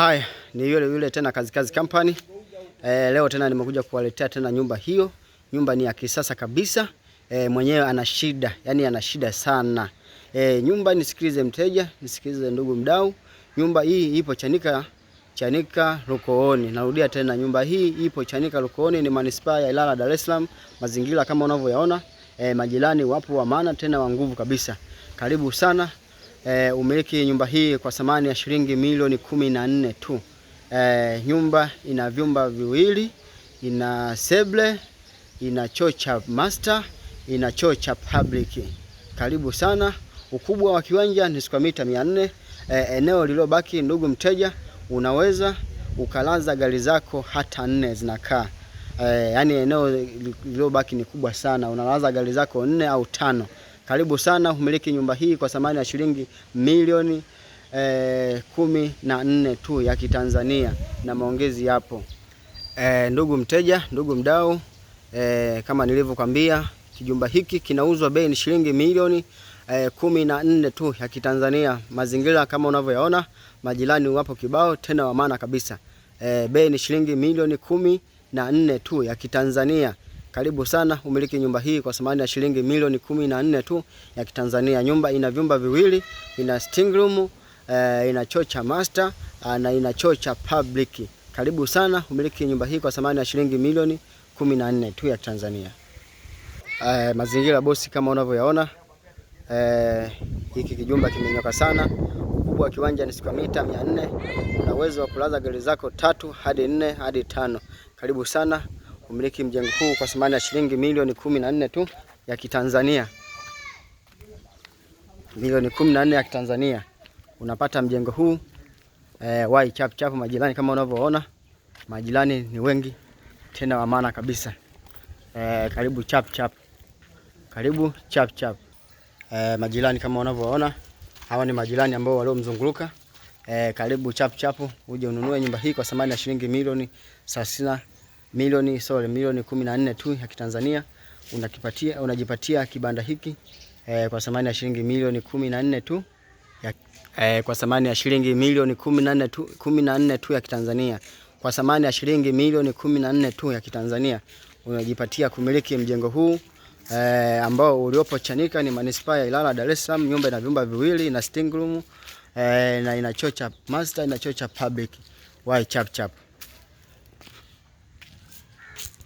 Haya, ni yule yule tena Kazi Kazi Company. E, leo tena nimekuja kuwaletea tena nyumba hiyo. Nyumba ni ya kisasa kabisa. E, mwenyewe ana shida, yani ana shida sana. E, nyumba nisikilize mteja, nisikilize ndugu mdau. Nyumba hii ipo Chanika Chanika Lukooni. Narudia tena nyumba hii ipo Chanika Lukooni, ni manispaa ya Ilala, Dar es Salaam. Mazingira kama unavyoyaona, e, majirani wapo wa maana tena wa nguvu kabisa. Karibu sana e, umiliki nyumba hii kwa thamani ya shilingi milioni kumi na nne tu. E, nyumba ina vyumba viwili, ina seble, ina choo cha master, ina choo cha public. Karibu sana. Ukubwa wa kiwanja ni square mita nne E, eneo lililobaki, ndugu mteja, unaweza ukalaza gari zako hata nne zinakaa. E, yaani eneo lililobaki ni kubwa sana, unalaza gari zako nne au tano. Karibu sana humiliki nyumba hii kwa thamani ya shilingi milioni e, kumi na nne tu ya Kitanzania na maongezi yapo. E, ndugu mteja, ndugu mdau, e, kama nilivyokwambia kijumba hiki kinauzwa bei ni shilingi milioni e, kumi na nne tu ya Kitanzania. Mazingira kama unavyoyaona, majirani wapo kibao tena wa maana kabisa. E, bei ni shilingi milioni kumi na nne tu ya Kitanzania. Karibu sana umiliki nyumba hii kwa thamani ya shilingi milioni kumi na nne tu ya Kitanzania. Nyumba ina vyumba viwili, ina sitting room, eh, ina choo cha master ah, na ina choo cha public. Karibu sana umiliki nyumba hii kwa thamani ya shilingi milioni kumi na nne tu ya Tanzania. Eh, mazingira bosi, kama unavyoyaona eh, hiki kijumba kimenyoka sana. Ukubwa wa kiwanja ni square mita 400. Una uwezo wa kulaza gari zako tatu hadi nne hadi tano. Karibu sana kumiliki mjengo huu kwa thamani ya shilingi milioni kumi na nne tu ya Kitanzania. Milioni kumi na nne ya Kitanzania unapata mjengo huu e, wai chap chap. Majirani kama unavyoona, majirani ni wengi tena wa maana kabisa. E, karibu chap chap, karibu chap chap. E, majirani kama unavyoona, hawa ni majirani ambao waliomzunguruka. E, karibu chap chap uje ununue nyumba hii kwa thamani ya shilingi milioni thelathini milioni sorry, milioni kumi na nne tu ya Kitanzania unakipatia unajipatia kibanda hiki e, kwa thamani ya shilingi milioni kumi na nne tu ya, e, kwa thamani ya shilingi milioni kumi na nne tu, kumi na nne tu ya Kitanzania kwa thamani ya shilingi milioni kumi na nne tu ya Kitanzania unajipatia kumiliki mjengo huu e, ambao uliopo Chanika ni manispaa ya Ilala, Dar es Salaam. Nyumba ina vyumba viwili na sitting room e, na ina choo cha master, ina choo cha public. Why chap chap.